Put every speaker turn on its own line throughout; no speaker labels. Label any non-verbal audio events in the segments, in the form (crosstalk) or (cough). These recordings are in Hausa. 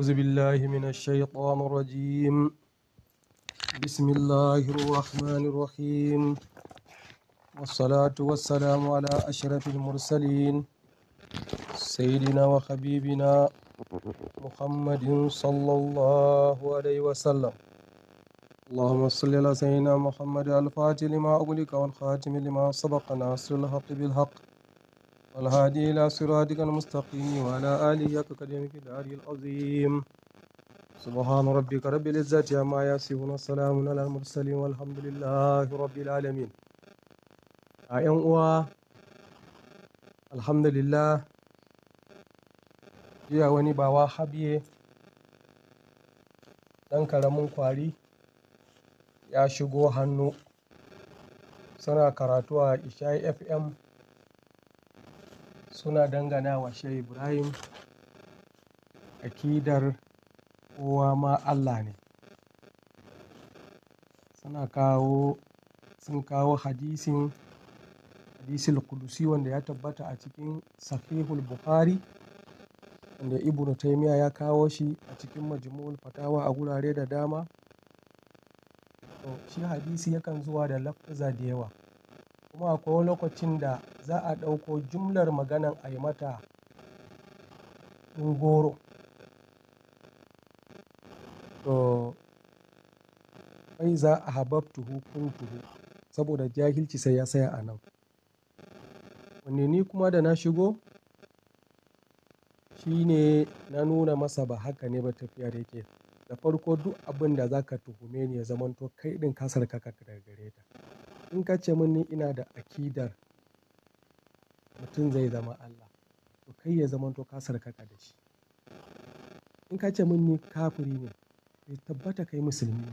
أعوذ بالله من الشيطان الرجيم بسم الله الرحمن الرحيم والصلاة والسلام على أشرف المرسلين سيدنا وحبيبنا محمد صلى الله عليه وسلم اللهم صل على سيدنا محمد الفاتح لما أغلق والخاتم لما سبق ناصر الحق بالحق والهادي إلى صراطك المستقيم وعلى آله كقدر كداره العظيم سبحان ربك رب العزة عما يصفون وسلام على المرسلين والحمد لله رب العالمين أيام أوا الحمد لله يا وني باوا حبي ɗan karamin kwari ya shigo hannu suna karatu a ishai fm suna dangana wa Shehu Ibrahim aƙidar kowa ma Allah ne suna kawo sun kawo hadisin hadisul kudusi wanda ya tabbata a cikin sahihul bukhari wanda ibnu taymiya ya kawo shi a cikin majmu'ul fatawa a gurare da dama to shi hadisi yakan zuwa da lafza da yawa kuma akwai lokacin da za a ɗauko jumlar maganan a yi mata ɗin goro. To, tuhu ahbabtuhu tuhu, saboda jahilci sai ya saya a nan. Wanne ni kuma da na shigo shine na nuna masa ba haka ne ba da yake. Da farko duk abin da za ka tuhume ni ya zamanto kai ɗin ka kaka daga gare ta. in ka ce min ni ina da akidar mutum zai zama Allah, to kai ya zama to ka sarkaka da shi. In ka ce min ni kafiri ne, kai tabbata kai musulmi ne.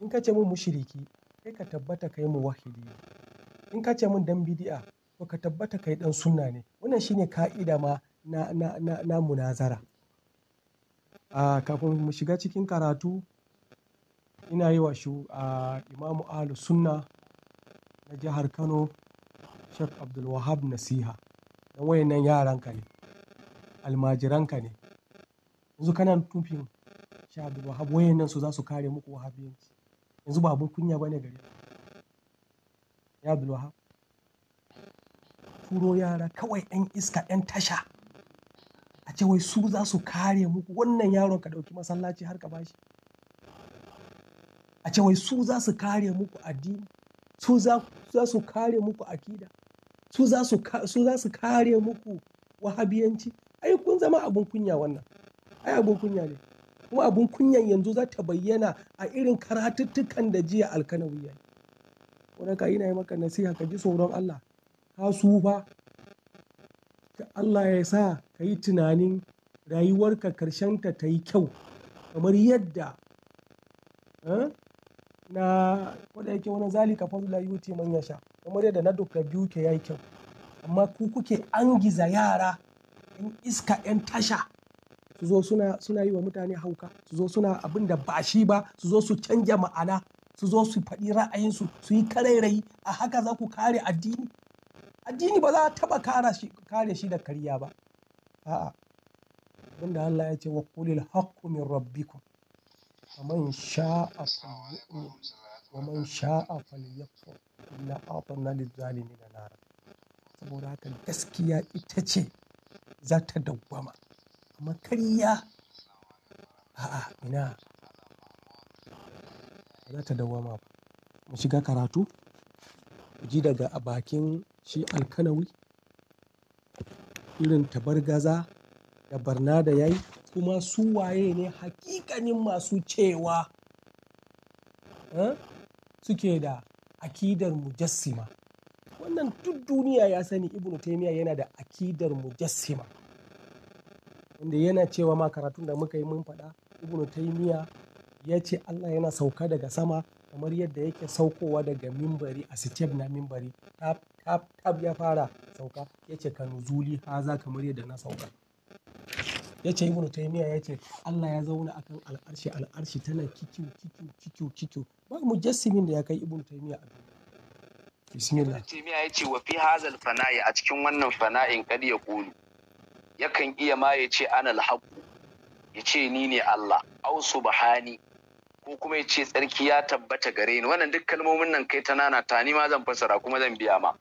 In ka ce min mushiriki, kai ka tabbata kai muwahhidi ne. In ka ce min dan bidi'a, to ka tabbata kai ɗan sunna ne. Wannan shine ka'ida ma na, na, na, na munazara. Uh, kafin mu shiga cikin karatu ina yi wa shu uh, imamu ahlu sunna na jihar Kano Sheikh Abdulwahab Nasiha. Don wayannan yaranka ne, almajiranka ne. Yanzu kana nufin Sheikh Abdulwahab wayannan su za su kare muku wahabiyanci. Yanzu ba abun kunya ba ne gare ku. Ya Abdulwahab. Turo yara kawai 'yan iska, 'yan tasha. A ce wai su za su kare muku wannan yaron ka ɗauki masallaci har ka bashi? A ce wai su za su kare muku addini. su za su kare muku akida su za su kare muku wahabiyanci ai kun zama abun kunya wannan ai abun kunya ne kuma abun kunyan yanzu za ta bayyana a irin karatuttukan da jiya alkanawi ya yi wanda yi maka nasiha ka ji sauran Allah ka su fa Allah ya sa ka yi tunanin rayuwarka karshenta ta yi kyau kamar yadda eh, na wanda yake wani zalika fadla yuti man yasha kamar yadda na dukkan biyu ke yayi kyau amma ku kuke angiza yara in iska yan tasha su zo suna suna yi wa mutane hauka su zo suna abin da ba shi ba su zo su canja ma'ana su zo su faɗi ra'ayinsu su yi karairayi a haka za ku kare addini addini ba za a taɓa kare shi da karya ba a'a abinda Allah ya ce wa qulil haqqu min rabbikum ومن شاء فليؤمن ومن شاء فليكفر إنا أعطينا للظالمين نارا saboda haka gaskiya ita ce za ta dawwama amma karya a'a ina ba za ta dawwama ba mu shiga karatu mu ji daga a bakin shi alkanawi irin gaza. da barna da yayi kuma su waye ne hakikanin masu cewa eh, suke da akidar mujassima wannan duk duniya ya sani ibn taymiya yana da akidar mujassima wanda yana cewa ma karatun da muka yi mun faɗa ibn taymiya ya ce allah yana sauka daga sama kamar yadda yake saukowa daga mimbari a step na mimbari tab tab ya fara sauka ya ce ka nuzuli haza kamar yadda na sauka Ya ce Ibn Taymiyyah ya ce Allah ya zauna akan al'arshi al'arshi tana kikiu kikiu kikiu kikiu ba mu mujassimin da ya kai Ibn Taymiyyah a duniya. Bismillah.
Taymiyyah ya ce wa fi hazal fana'i a cikin wannan fana'in kad ya kulu. Yakan iya ma ya ce ana alhaq ya ce ni ne Allah au subhani ko kuma ya ce tsarki ya tabbata gare ni wannan duk kalmomin nan kai ta nana ta ni ma zan fassara kuma zan biya ma.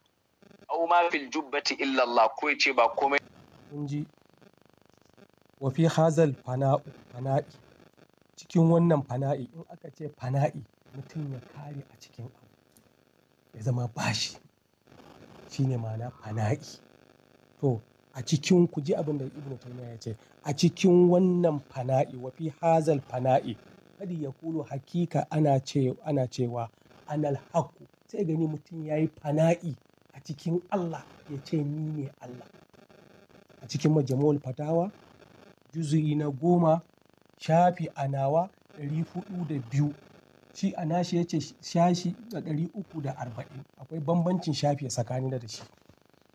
Au ma fil jubbati illa Allah ko ya ce ba komai.
wa hazal fana'u fana'i cikin wannan fana'i in aka ce fana'i mutum ya kare a cikin abu ya zama bashi shine ma'ana fana'i to a cikin ku ji abin da ibnu taymiya ya ce a cikin wannan fana'i wa hazal fana'i kadi ya kulu hakika ana ce ana cewa anal haqqu sai gani mutum yayi fana'i a cikin Allah ya ce ni ne Allah a cikin majmu'ul fatawa juzu'i na goma shafi a nawa ɗari huɗu da biyu shi a nashi yace shashi da ɗari uku da arba'in akwai bambancin shafi a tsakanin da shi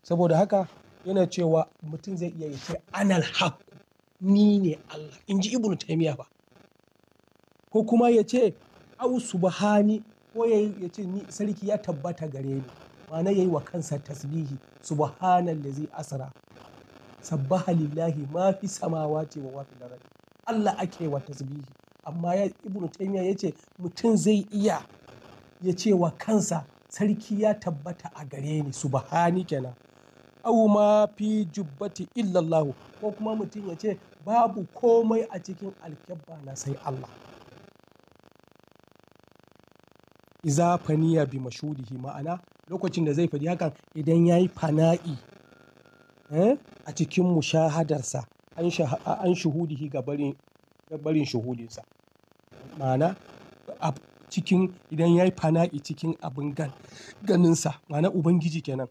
saboda haka yana cewa mutum zai iya yace anal haq ni ne Allah in ji ibnu taymiya ba ko kuma ya ce au subhani ko ya ce ni sarki ya tabbata gare ni ma'ana yayi wa kansa tasbihi subhanallazi asra sabbaha lillahi ma fi ce wa ma fil Allah ake wa tasbihi amma ya ibnu taymiya yace mutum zai iya ya ce wa kansa sarki ya tabbata a gare ni subhani kenan aw ma fi jubbati Allah ko kuma mutum ya ce babu komai a cikin alkabba na sai Allah iza faniya bi mashudihi ma'ana lokacin da zai faɗi hakan idan yayi fana'i Eh? a cikin mushahadarsa an shuhudihi ga barin shuhudinsa ma'ana a cikin idan ya yi fana'i cikin abin ganinsa ma'ana ubangiji kenan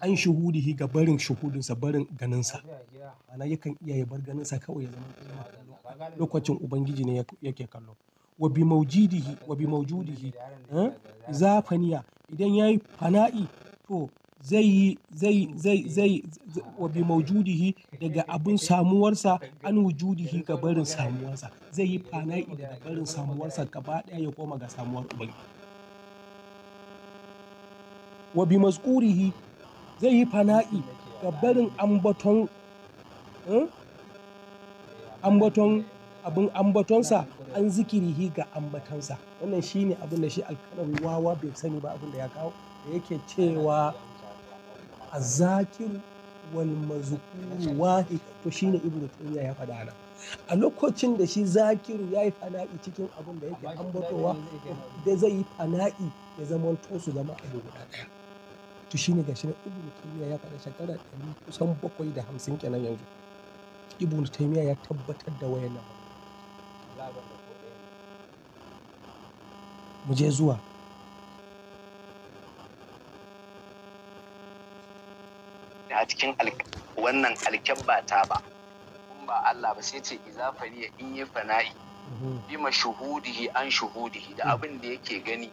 an shuhudihi ga barin shuhudinsa barin ganinsa ma'ana yakan iya ya bar ganinsa kawai ya zama lokacin ubangiji ne yake kallo wa bi wa bi maujudihi eh? zafaniya idan ya yi fana'i to zai yi zai zai eh, zai wa bi maujudihi daga abin samuwarsa an wujudihi ga barin samuwarsa zai yi fana'i daga barin samuwarsa gaba daya ya koma ga samuwar ubangi wa bi mazkurihi zai yi fana'i ga barin ambaton eh, ambaton abin ambatonsa an zikirihi ga ambatonsa wannan shine abin da shi alkanar wawa bai sani ba abin da ya kawo da yake cewa azakir wal mazkur wahid to shine ibnu ya faɗa nan a lokacin da shi zakiru ya yi fana'i cikin abin da yake ambatowa da zai yi fana'i ya zama to su zama abu guda ɗaya to shine ga shi ibnu taymiya ya faɗa shekara ɗari kusan bakwai da hamsin kenan yanzu ibnu taymiya ya tabbatar da wayannan mu je zuwa
a cikin wannan ba ta ba in ba Allah ba sai ce izafaniya in yi fana'i mhm. bima shuhudihi an shuhudihi da mhm. abin da yake gani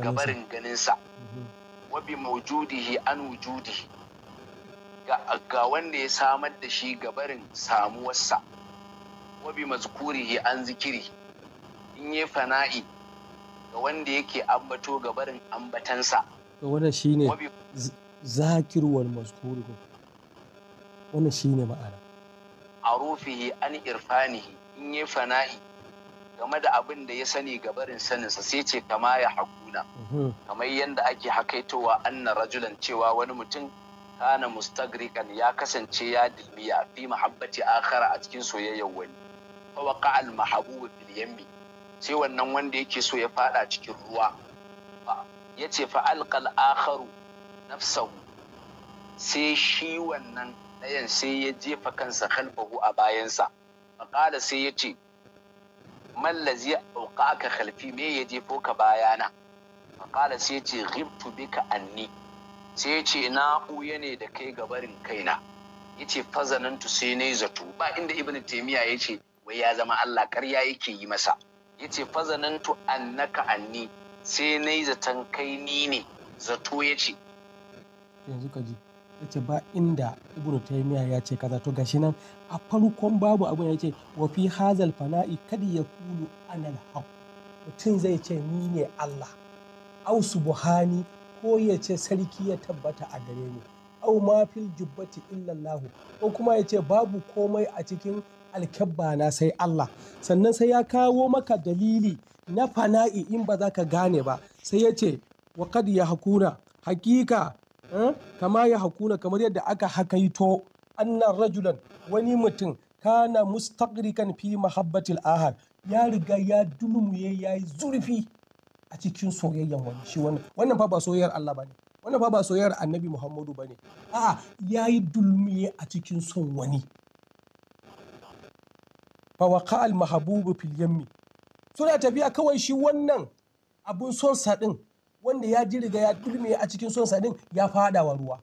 gabarin ganinsa mhm. wa bi maujudihi an wujudihi ga wanda ya samar da shi gabarin samuwarsa wa bi mazkurihi an zikiri in yi fana'i ga wanda yake ambato gabarin ambatansa
wannan shine zakir wal wani shi shine ma'ana
a rufihi an irfanihi in yi fana'i game da abin da ya sani gabarin saninsa sai ce kama ya hakuna mhm. kamar yadda ake hakaitowa anna rajulan cewa wani mutum kana mustagrikan ya kasance ya dilmiya fi mahabbati akhara a cikin soyayyar wani fawaka ka'al mahabubu fil sai wannan wanda yake so ya fada cikin ruwa ya ce fa alqal akharu nafsau sai shi wannan ɗayan sai ya jefa kansa kalbahu a bayansa faƙala sai ya ce mallazi auka aka khalfi me ya jefo ka bayana faƙala sai ya ce ghibtu bika anni sai ya ce na ɓuya ne da kai gabarin kaina ya ce fazanantu sai na yi zato ba inda ibn taimiya ya ce wai ya zama allah ƙarya yake yi masa ya ce fazanantu annaka anni sai na yi zaton kai ni ne zato ya ce
yanzu ka ji. ce ba inda Ibnu Taymiyyah ya ce kaza. To gashi nan a farkon babu abin ya ce wa fi hazal fana'i kad ya kulu anal hau Mutum zai ce ni ne Allah. Au subhani ko ya ce sarki ya tabbata a gare ni. Au ma fil jubbati illallahu ko kuma ya ce babu komai a cikin alkabba na sai Allah. Sannan sai ya kawo maka dalili na fana'i in ba za ka gane ba. Sai ya ce wa kad ya hakuna hakika Eh? kama ya hakuna kamar yadda aka hakaito annan rajulan wani mutum kana mustaqrikan fi mahabbatil ahad ya riga ya dulmuye ya yi zurfi a cikin soyayyan wani shi wannan wannan fa ba soyayyar Allah bane wannan fa ba soyayyar Annabi Muhammadu bane a'a ya yi dulmuye a cikin son wani fa waqa al mahbubu fil yammi suna tafiya kawai shi wannan abun son sa din wanda ya ji riga ya turme a cikin son sadin ya fadawa ruwa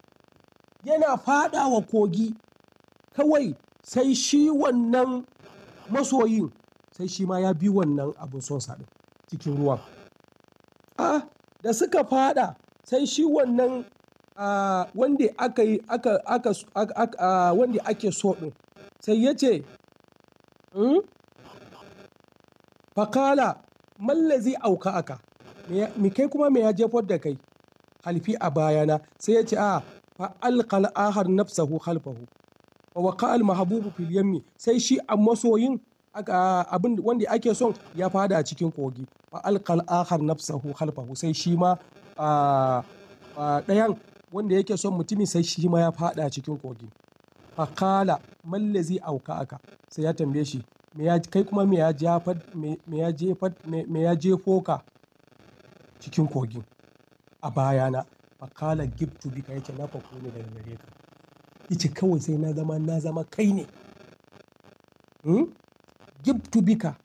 yana fadawa kogi kawai sai shi wannan masoyin sai shi ma ya bi wannan abin son sadin cikin ruwan a da suka fada sai shi wannan wanda aka yi wanda ake so din sai ya ce hmm? fakala mallazi auka aka me kai kuma me ya jefar da kai alfi a bayana sai ya ce a fa alqal ahar nafsahu khalfahu wa waqa al mahbubu fil yammi sai shi a masoyin abin wanda ake son ya fada a cikin kogi fa alqal ahar nafsahu khalfahu sai shi ma ɗayan wanda yake son mutumin sai shi ma ya fada a cikin kogi fa qala zai auka aka sai ya tambaye shi me ya kai kuma me ya jefar me ya ka cikin kogin a bayana fakala to bika yace na fako ne daga gare ka yace kawai sai na zama na zama kai ne hmm? gibtu bika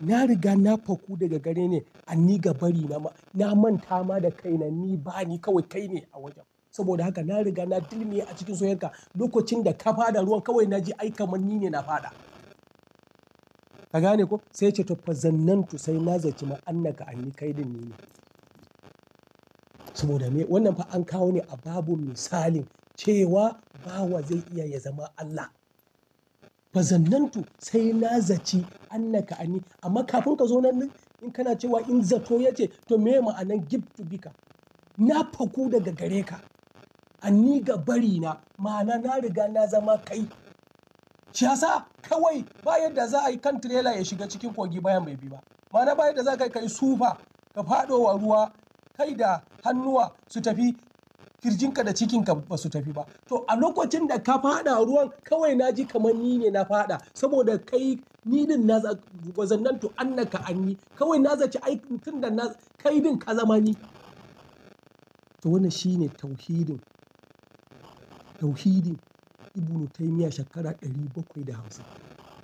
na riga na faku daga gare ne ni ga bari na ma na manta ma da kaina ni ba ni kawai kai ne a wajen saboda haka na riga na dilmiye a cikin soyayyarka lokacin da ka fada ruwan kawai na ji ai kamar ni ne na fada ka gane ko sai ce to fa zannantu sai na zaci ma annaka anni kai din ni ne saboda me wannan fa an kawo ne a babu misalin cewa bawa zai iya ya zama Allah fazannantu sai na zaci annaka ani amma kafin ka zo nan in kana cewa in zato ya ce to me ma'anan gibtu bika na faku daga gare ka anni ga bari na ma'ana na riga na zama kai shi yasa kawai ba yadda za a yi kan tirela ya shiga cikin kogi bayan bai bi ba ma'ana ba yadda za ka kai sufa ka faɗowa ruwa kai da hannuwa su tafi kirjinka da cikinka ba su tafi ba to a lokacin da ka fada ruwan kawai na ji kamar ni ne na fada saboda kai ni din na wazannan to annaka anni kawai na zaci aikin tun da na kai din ka zama ni to wannan shine tauhidin tauhidin ibnu taymiya shekara 750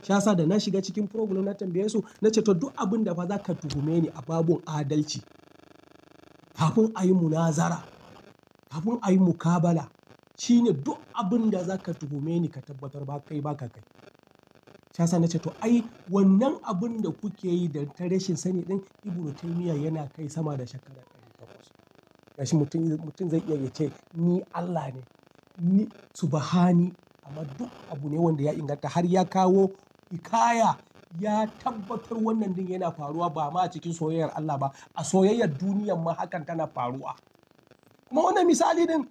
shi yasa da na shiga cikin program na tambaye su na ce to duk abin da ba za ka tuhume ni a babu adalci kafin a yi munazara kafin a yi mukabala shine duk abin da za ka tuhume ni ka tabbatar ba kai ba ka kai shasa na ce to ai wannan abin da kuke yi da ta rashin sani ɗin, ibnu taymiya yana kai sama da shekara 800 gashi mutum mutum zai iya ce ni Allah ne ni subhani amma duk abu ne wanda ya inganta har ya kawo hikaya ya tabbatar wannan din yana faruwa ba ma a cikin soyayyar Allah ba a soyayyar duniyar ma hakan tana faruwa kuma wannan misali din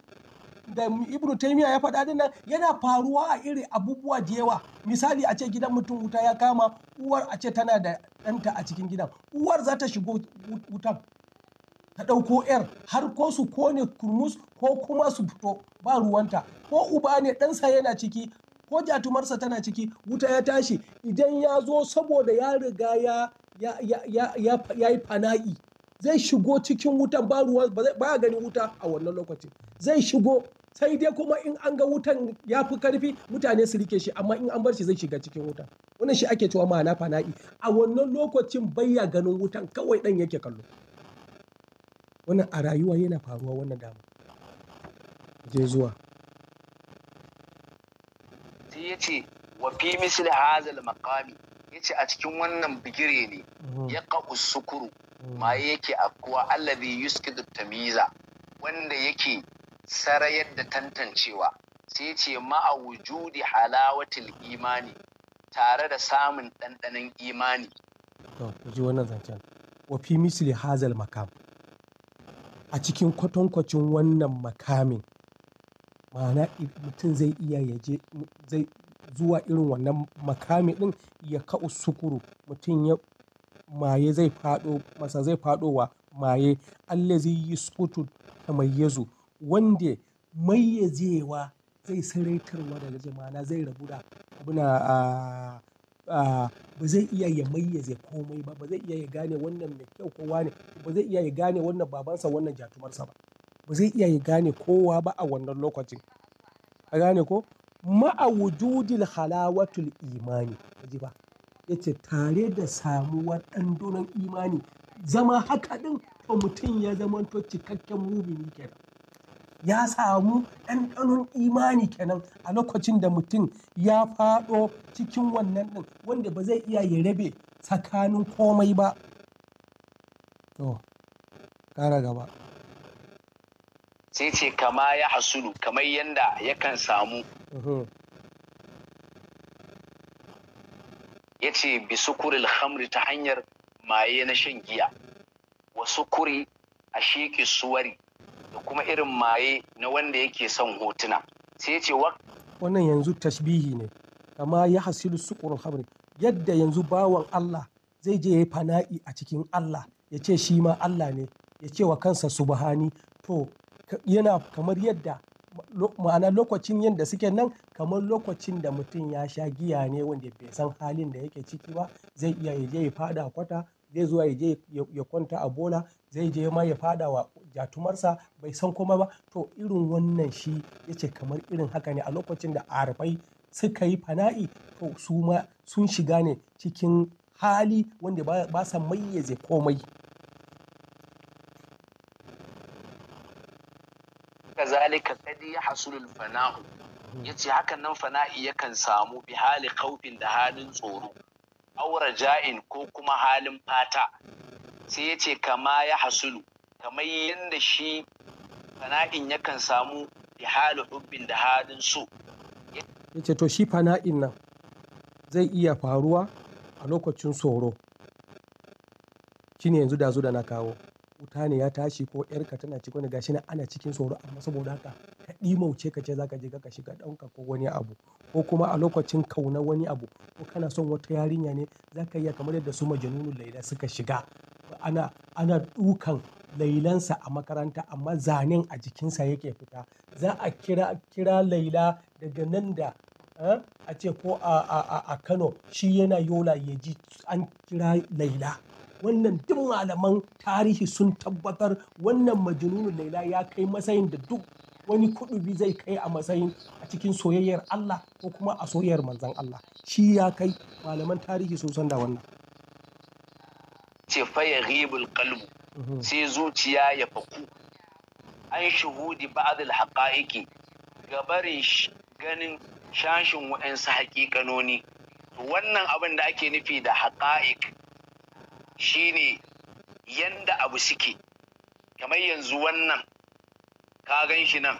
da ibnu taimiya ya faɗa dinnan yana faruwa a irin abubuwa da yawa misali a ce gidan mutum wuta ya kama uwar a ce tana da ɗanta a cikin gidan uwar za ta shigo wutan ta ɗauko 'yar har ko su kone kurmus ko kuma su fito ba ruwanta ko uba ne ɗansa yana ciki ko jatumarsa tana ciki wuta ya tashi idan ya zo saboda ya riga ya ya yi fana'i zai shigo cikin wutan ba ruwa ba ganin wuta a wannan lokacin zai shigo sai dai kuma in an ga wutan ya fi karfi mutane su rike shi amma in an bar shi zai shiga cikin wuta wannan shi ake cewa ma'ana fana'i a wannan lokacin bayya ganin wutan kawai dan yake kallo wannan a rayuwa yana faruwa wannan dama je zuwa
sai ya ce wa fi misli hazal maqami ya a cikin wannan bigire ne mm-hmm. ya ƙa'u sukuru mm-hmm. ma yake akuwa allazi yuskidu tamiza wanda yake sarayar da tantancewa sai ya ce ma'a wujudi halawatil imani tare da samun ɗanɗanon imani
to wa fi misli hazal makam a cikin kwatankwacin wannan makamin Ma'ana mutum zai iya ya je zai zuwa irin wannan makami ɗin ya ka'u sukuru. Mutum ya maye zai faɗo masa zai faɗo wa maye. Allazi yuskutu tamayyazu wanda mayyazewa zai saraitarwa daga jama'a. Ma'ana zai rabu da abuna a, a ba zai iya ya mayyaze komai ba. Ba zai iya ya gane wannan mai kyau ko wane. Ba zai iya ya gane wannan babansa wannan jatumarsa ba. ba zai iya ya gane kowa ba a wannan lokacin. Ka gane ko? Ma'a wujudil halawatul imani. Ka ji Yace tare da samuwar ɗanɗanon imani. Zama haka ɗin to mutum ya zamanto cikakken mumini kenan. Ya samu ɗanɗanon imani kenan a lokacin da mutum ya faɗo cikin wannan ɗin wanda ba zai iya ya rabe tsakanin komai ba.
To, ƙara gaba. sai ce kama ya hasulu kamar yanda yakan samu ya ce bi sukuril alhamri ta hanyar maye na shan giya wa sukuri a sheke suwari da kuma irin maye na wanda yake son hotuna sai ya ce
wannan yanzu tashbihi ne kama ya hasilu sukurul hamri yadda yanzu bawan Allah zai je ya yi fana'i a cikin Allah ya ce shi ma Allah ne ya ce wa kansa subhani to yana kamar yadda ma'ana lokacin yadda suke nan kamar lokacin da mutum ya sha giya ne wanda bai san halin da yake ciki ba zai iya ya je ya fada kwata zai zuwa ya je ya kwanta a bola zai je ma ya fada wa jatumarsa bai san kuma ba to irin wannan shi ya ce kamar irin haka ne a lokacin da arabai suka yi fana'i to su ma sun shiga ne cikin hali wanda ba sa mayyaze komai
hasulul fana'u yace hakan nan fana'i yakan samu bi hali kaufin da halin tsoro aura ja'in ko kuma halin fata sai yace kama ya hasulu kamar yadda shi fana'in yakan samu bi hali hubbin da halin so
yace to shi fana'in nan zai iya faruwa a lokacin tsoro shine yanzu da zu da na kawo wuta ne ya tashi ko ƴarka tana cikin wani gashi na ana cikin tsoro amma saboda haka ka ɗimauce kace za ka je ka shiga ɗauka ko wani abu ko kuma a lokacin kauna wani abu ko kana son wata yarinya ne zaka ka iya kamar yadda su Majnunul Laila suka shiga ana ana dukan Lailansa a makaranta amma zanen a jikinsa yake fita za a kira kira Laila daga nan da eh, a ce ko a Kano shi yana Yola ya ji an kira Laila wannan duk malaman tarihi sun tabbatar wannan majnunul laila ya kai matsayin da duk wani kudubi zai kai a matsayin a cikin soyayyar Allah ko kuma a soyayyar manzan Allah shi ya kai malaman tarihi sun san da wannan
ce faya ghibul qalbu mhm. sai zuciya ya faku an shuhudi ba'd al ga gabarin ganin shashin wa'ansu haƙiƙanoni wannan abin da ake nufi da haƙa'ik shine yanda abu suke kamar yanzu wannan ka gan shi nan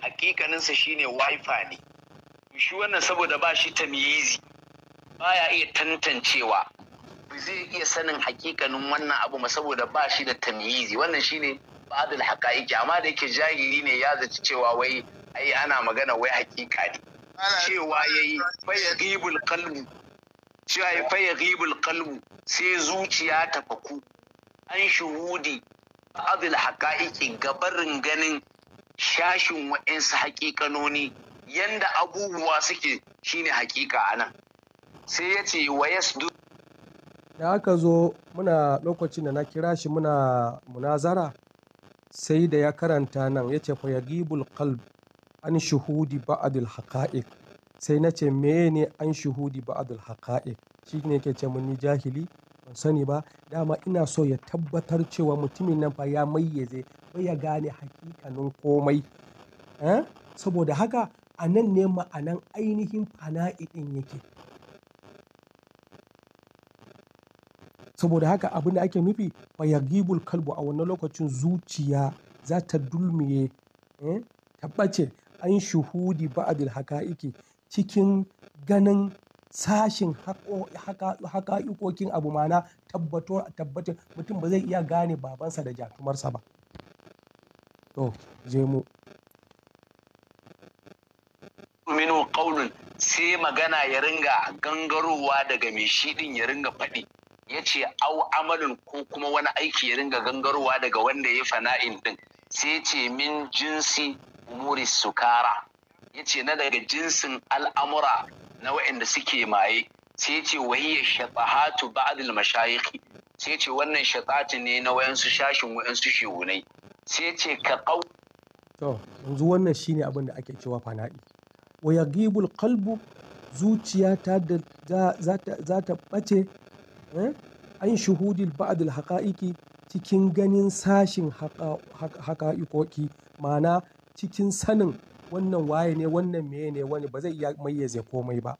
hakikaninsa shine wifi ne shi wannan saboda ba shi Ba baya iya tantancewa zai iya sanin hakikanin wannan abu ma saboda ba shi da tamyizi wannan shine ba'dul haqa'iqi amma da yake jahili ne ya zaci cewa wai ai ana magana wai hakika ne cewa yayi fa ribul kalmu. cewa fa ya sai zuciya ta faku an shuhudi abin haqa'iqi gabarin ganin shashin wa'insu haƙiƙanoni yanda abubuwa suke shine haƙiƙa anan sai ya ce wa yasdu
da aka zo muna lokacin da na kira shi muna munazara sai da ya karanta nan ya ce fa ya ghibul an shuhudi ba'dil haqa'iq sai na ce meye ne an shuhudi ba'adul haqa'iq shi ne ke ce mun jahili ban sani ba dama ina so ya tabbatar cewa mutumin nan fa ya mayyaze ba ya gane hakikanin komai eh? saboda haka a nan ne ma'anan ainihin fana'i ɗin yake saboda haka abin da ake nufi gibul kalbu a wannan lokacin zuciya za ta dulmiye eh, ta an shuhudi ba'adul haka'iki cikin ganin sashin haƙaƙoƙin abu mana tabbatar mutum ba zai iya gane babansa da jatumarsa ba to je mu
minu ƙaunin sai magana ya ringa gangarowa daga mai shiɗin din ya ringa faɗi ya ce au amalin ko kuma wani aiki ya ringa gangarowa daga wanda ya fana'in din sai ce min jinsi umuri sukara yace na daga jinsin al'amura na waɗanda suke maye sai ce wahiyya shatahatu ba'dil mashayikh sai ce wannan shatati ne na wayansu shashin wayansu shehunai sai ce ka kau.
to yanzu wannan shine abin da ake cewa fana'i wa yaghibul qalbu zuciya ta da za ta bace eh, an shuhudil ba'dil haqa'iqi cikin ganin sashin haqa'iqoki mana cikin sanin wannan waye ne wannan meye ne wani ba zai iya mayyaze komai ba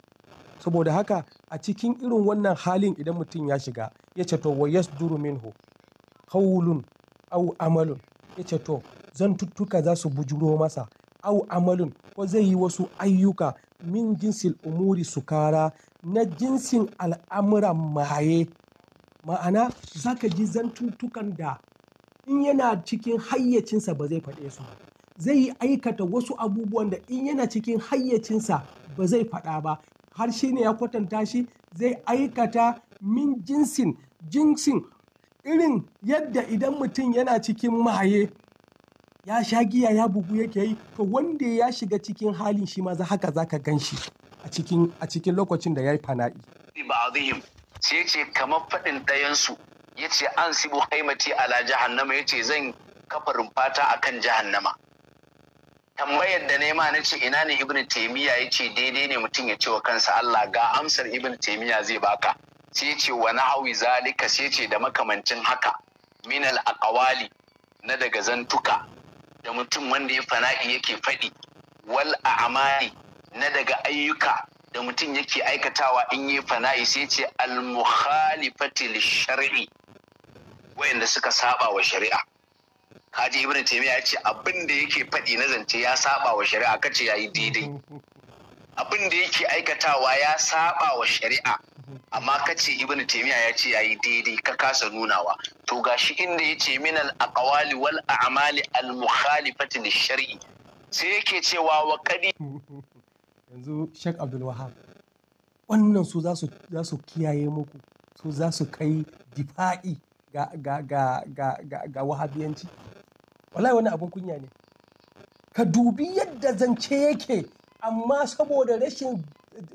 saboda haka a cikin irin wannan halin idan mutum ya shiga ya ce to wa yasduru minhu qawlun au amalun ya ce to zan tuttuka za su bujuro masa au amalun ko zai yi wasu ayyuka min jinsil umuri kara? na jinsin al'amuran maye ma'ana zaka ji zantuttukan da in yana cikin hayyacinsa ba zai faɗe su ba zai yi aikata wasu abubuwan da in yana cikin hayyacinsa ba zai faɗa ba har shi ne ya kwatanta shi zai aikata min jinsin jinsin irin yadda idan mutum yana cikin maye ya sha giya ya bugu yake yi to wanda ya shiga cikin halin shi maza haka za ka gan shi a cikin lokacin da ya yi fana'i.
sai ce kamar faɗin ɗayansu ya ce an sibu haimati ala jahannama ya ce zan kafa rumfata a kan jahannama tambayar da nema na ce ina ne ibn taimiyya ya ce daidai ne mutum ya ce wa kansa Allah ga amsar ibn taimiyya zai baka sai ce wa hawi zalika sai ce da makamancin haka min al aqwali na daga zantuka da mutum wanda ya fana'i yake faɗi wal a'mali na daga ayyuka da mutum yake aikatawa in yi fana'i sai ce al mukhalifati shar'i wayanda suka saba wa shari'a kaji ibn taymiya ya ce abin da yake faɗi na zance ya saba wa shari'a kace yayi daidai abin da yake aikatawa ya saba wa shari'a amma kace ibn taymiya ya ce yayi daidai ka kasa nunawa to gashi inda yace min al aqwali wal a'mali al mukhalifati lish shar'i sai yake cewa wa
kadi. yanzu Sheikh Abdul Wahab wannan su za su kiyaye muku su za su kai difa'i ga ga ga wahabiyanci wallahi wani abin kunya ne ka dubi yadda zance yake amma saboda rashin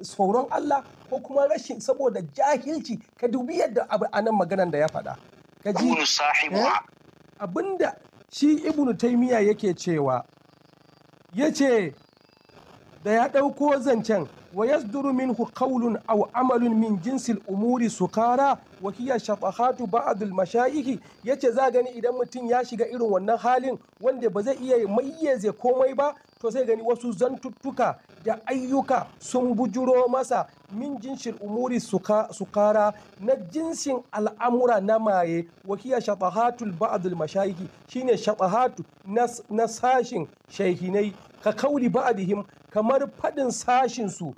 tsoron Allah ko kuma rashin saboda jahilci ka dubi yadda abu nan maganan da ya faɗa ka ji eh, abinda shi ibnu taymiya yake cewa yace da ya ɗauko zancen wa yasduru minhu qawlun au amalun min jinsil umuri sukara wa kiya shafahatu ba'adul al mashayikh yace za gani idan mutum ya shiga irin wannan halin wanda ba zai iya mayyaze komai ba to sai gani wasu zantuttuka da ayyuka sun bujuro masa min jinsin umuri sukara na jinsin al'amura na maye wakiya shafahatul ba'adul mashayiki shine shafahatu na sashin shaihinai ka kauli ba'adihim kamar faɗin sashinsu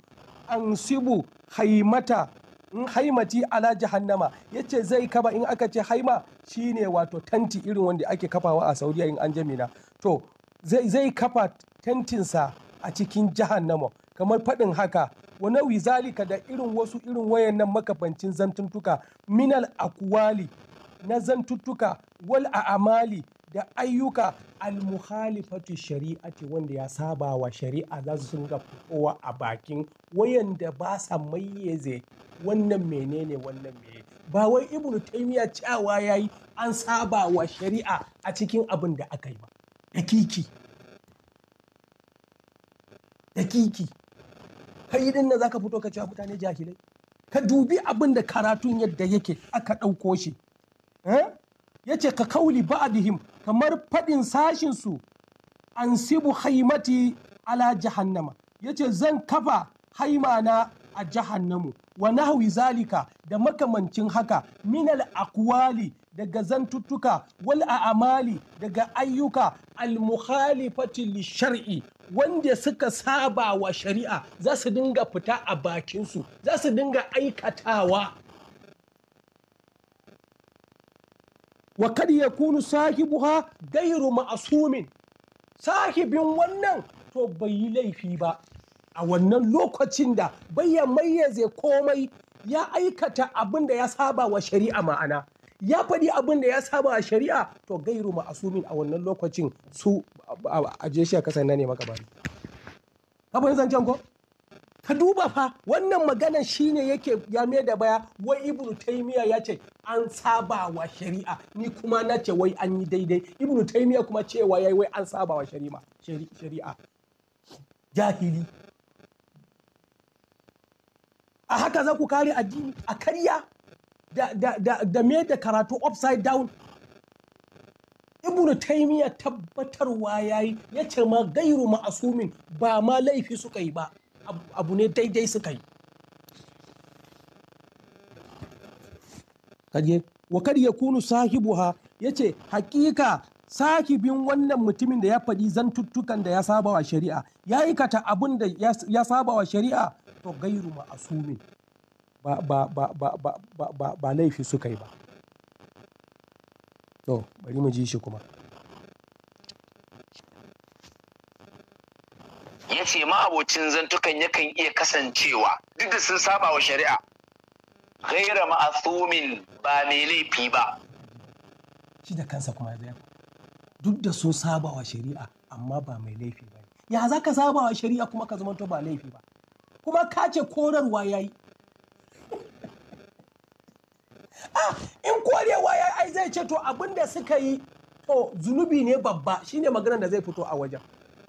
an sibu haimata in haimati ala jahannama yace zai kaba in aka ce haima shine wato tanti irin wanda ake kafawa a saudiya in an jami'a to zai kafa tantinsa a cikin jahannama kamar fadin haka wa nawi zalika da irin wasu irin wayannan makabancin zantuntuka minal akwali na zantuttuka wal a'amali da ayyuka almuhalifatu shari'ati wanda ya saba wa shari'a za su dinga fitowa a bakin da ba sa mayyaze wannan menene wannan me ba wai ibnu taymiya cewa yayi an saba wa shari'a a cikin abin da aka yi ba dakiki dakiki kai din nan zaka fito ka cewa mutane jahilai ka dubi abin da karatun yadda yake aka ɗauko shi eh? ya ce ka kauli ba'dihim kamar faɗin sashin su an sibu haimati ala jahannama ya ce zan kafa haimana a jahannamu wa nahwi zalika da makamancin haka minal akwali daga zantuttuka wal a'amali daga ayyuka al mukhalifati li shar'i wanda suka saba wa shari'a za su dinga fita a bakinsu za su dinga aikatawa wa kad sahibu sahibuha gairu ma'asumin sahibin wannan to bai yi laifi ba a wannan lokacin da mai mayyaze komai ya aikata abin da ya saba wa shari'a ma'ana ya faɗi abin da ya saba wa shari'a to gairu ma'asumin a wannan lokacin su aje shi a kasan na ne maka bari fahimtar zancen ko ka duba fa wannan maganar shine yake ya mai da baya wai ibnu taymiya ya ce an saba wa shari'a ni kuma na ce wai an yi daidai ibn taymiya kuma cewa yayi wai an saba wa shari'a jahili a haka za ku kare addini a karya da, da, da me da karatu upside down ibn taimiya tabbatarwa ya yi ya ce ma gairu ma'asumin ba ma laifi suka yi ba abu ne daidai suka yi kaje wa kar ya kunu sahibuha yace ce hakika sahibin wannan mutumin da ya faɗi zantuttukan da ya saba wa shari'a ya aikata abin da ya saba wa shari'a to gairu ma'asumin ba laifi suka yi ba To bari mu ji shi kuma.
Ya ce ma'abocin zantukan yakan iya kasancewa duk da sun saba wa shari'a. Gaira ma'asumin ba mai laifi ba.
Shi da kansa kuma duk da sun saba wa shari'a amma ba mai laifi ba ya za ka saba wa shari'a kuma ka zamanto ba laifi ba kuma ka ce korarwa yayi. yi (laughs) ah, in korewa ai zai ce to abin da suka yi to zunubi ne babba shine maganar da zai fito a wajen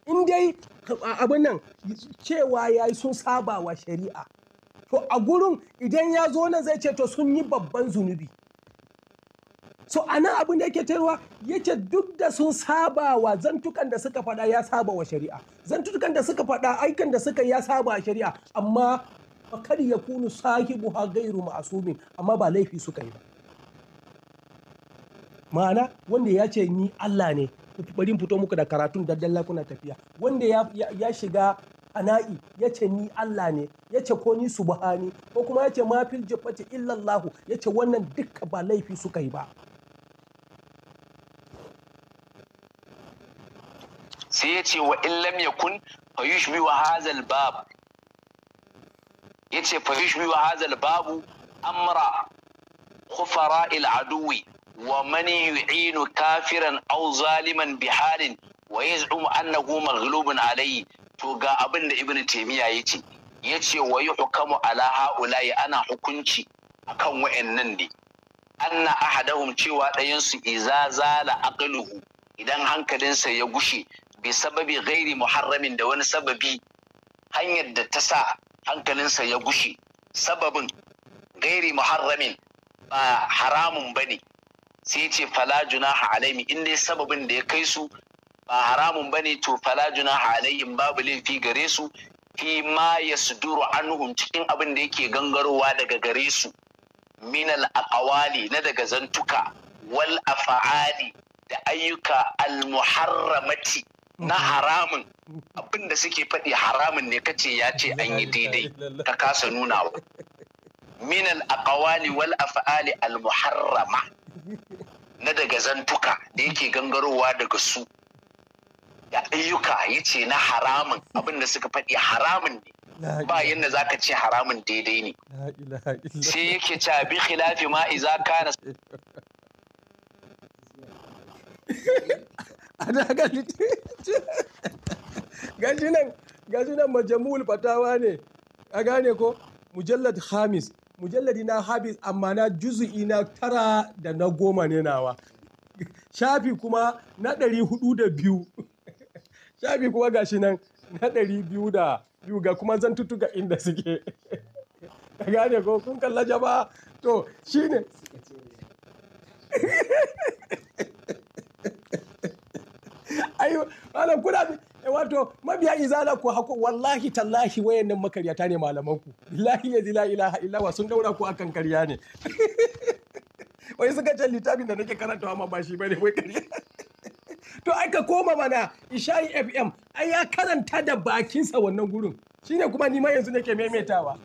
in dai abin nan cewa ya yi sun saba wa shari'a to a gurin idan ya zo nan zai ce to sun yi babban zunubi so a nan abin da yake cewa yake duk da sun saba wa zantukan da suka fada ya saba wa shari'a zantukan da suka fada aikan da suka ya saba shari'a amma kar ya kunu sahibu ha gairu ma'asumin amma ba laifi suka yi ba ma'ana wanda ya ce ni Allah ne bari fito muku da karatun dalla kuna tafiya wanda ya shiga ana'i ya ce ni Allah ne ya ce ko ni subhani ko kuma ya ce mafil jibbati illallahu ya ce wannan dukka ba laifi suka yi ba
sai ya ce wa illam yakun kun yushbi wa hazal bab ya ce wa hazal babu amra khufara il aduwi wa man yu'inu kafiran aw zaliman bi halin wa yaz'umu annahu maghlubun alayhi to ga abin da ibnu taymiya yace yace wa yuhkamu ala haula'i ana hukunci akan wayannan ne anna ahadahum cewa ɗayan su iza zala idan hankalinsa ya gushe bi sababi ghairi muharramin da wani sababi hanyar da ta sa hankalinsa ya gushe sababin gairi muharramin ba haramun ba ne sai ce fala junaha alaihim in dai sababin da ya kai su ba haramun ba ne to fala junaha alaihim babu laifi gare su fi ma yasduru anhum cikin abin da yake gangarowa daga gare su minal aqwali na daga zantuka wal afaali da ayyuka al na haramun abin da suke faɗi haramun ne kace ya ce an yi daidai ka kasa nunawa minal aqwali wal af'ali al muharrama na daga zantuka da yake gangarowa daga su da ayyuka ya ce na haramun abin da suka faɗi haramun ne ba yadda za ka ce haramun daidai ne sai yake ce bi khilafi ma iza kana
(laughs) ana (laughs) gashi nan gashi nan majamul fatawa ne a gane ko mujallad hamis. mujalladi na habis amma na juzu'i na tara da na goma ne nawa shafi kuma na ɗari hudu da biyu shafi kuma gashi nan na ɗari biyu da biyu ga kuma zan zantuttuka inda suke ka gane ko kun kalla jaba to shine ayo malam kuna Eh, wato mabiya izala ku hako wallahi tallahi wayannan makaryata ne malaman ku lahi ya la ilaha illa sun daura ku akan karya ne (laughs) wai suka ce littafin da nake karantawa ma ba shi bane wai karya (laughs) to aika koma mana isha'i fm ai ya karanta da bakinsa wannan gurin shine kuma ni ma yanzu nake maimaitawa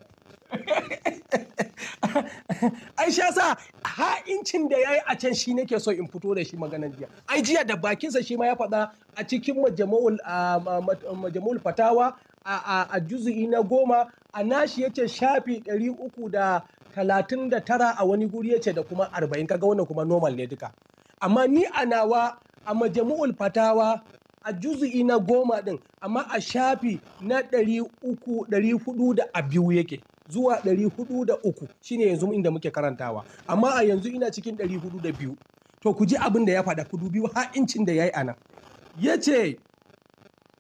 (laughs) (laughs) ai shi yasa ha'incin da yayi a can shi nake so in fito da shi maganar jiya ai jiya da bakin sa shi ma ya faɗa a cikin majamul fatawa a juzu'i na goma a nashi yace shafi ɗari talatin da tara a wani guri yace da kuma arba'in kaga wannan kuma normal ne duka amma ni a nawa a majamu'ul fatawa a juzu'i na goma ɗin amma a shafi na ɗari uku ɗari hudu da a biyu yake zuwa 403 shine yanzu inda muke karantawa amma a yanzu ina cikin 402 to ku ji abin da ya faɗa ku dubi ha'incin da yayi anan yace ya ce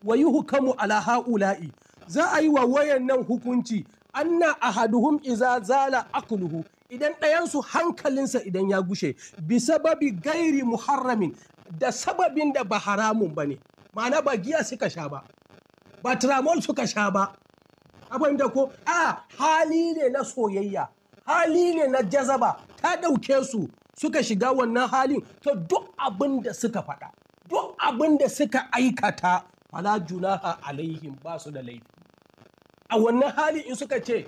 wa yi hukamu ala ha'ula'i za a yi wa wayannan hukunci anna ahaduhum iza zala akuluhu idan ɗayansu hankalinsa idan ya gushe bi sababi gairi muharramin da sababin da ba haramun ba ne ma'ana ba giya suka sha ba ba tramol suka sha ba ka fahimta ko a hali ne na soyayya hali ne na jazaba ta ɗauke su suka shiga wannan halin ta duk abin da suka faɗa duk abin da suka aikata fala junaha alaihim ba su da laifi a wannan hali in suka ce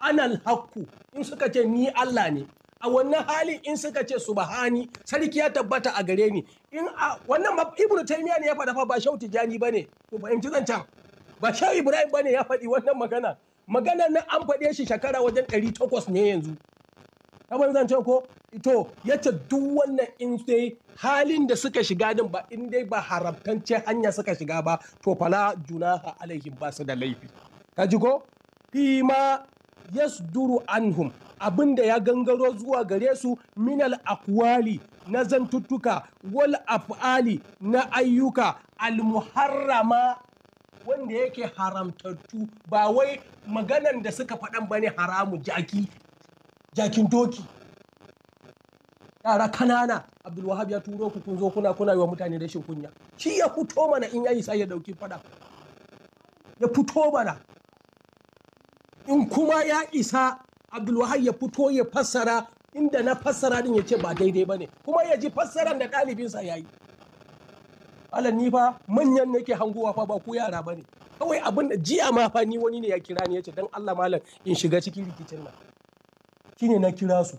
anal hakku in suka ce ni Allah ne a wannan hali in suka ce subhani sarki ya tabbata a gare ni in a wannan ibnu taymiya ne ya faɗa fa ba shauti jani bane ku fahimci zancan ba sha ibrahim bane ya faɗi wannan magana magana na an faɗe shi shekara wajen 800 ne yanzu kamar zan ce ko to yace duk wannan in sai halin da suka shiga din ba in dai ba harabtance hanya suka shiga ba to fala junaha alaihim ba su da laifi ka ji ko fima yasduru anhum abin da ya gangaro zuwa gare su minal akwali na zantuttuka wal af'ali na ayyuka al muharrama wanda yake haramtattu ba wai maganan da suka faɗan ne haramu jaki jakin doki yara kanana abdulwahab ya turo ku kun zo kuna kuna yi wa mutane rashin kunya shi ya fito mana in yayi sai ya dauki fada ya fito mana in kuma ya isa abdulwahab ya fito ya fassara inda na fassara din ya ce ba daidai ba ne kuma ya ji fassaran da ɗalibinsa ya yi malam ni fa manyan nake hanguwa fa ba ku yara bane kawai abin da jiya ma fa ni wani ne ya kira ni yace dan Allah malam in shiga cikin rikicin nan shine na kira su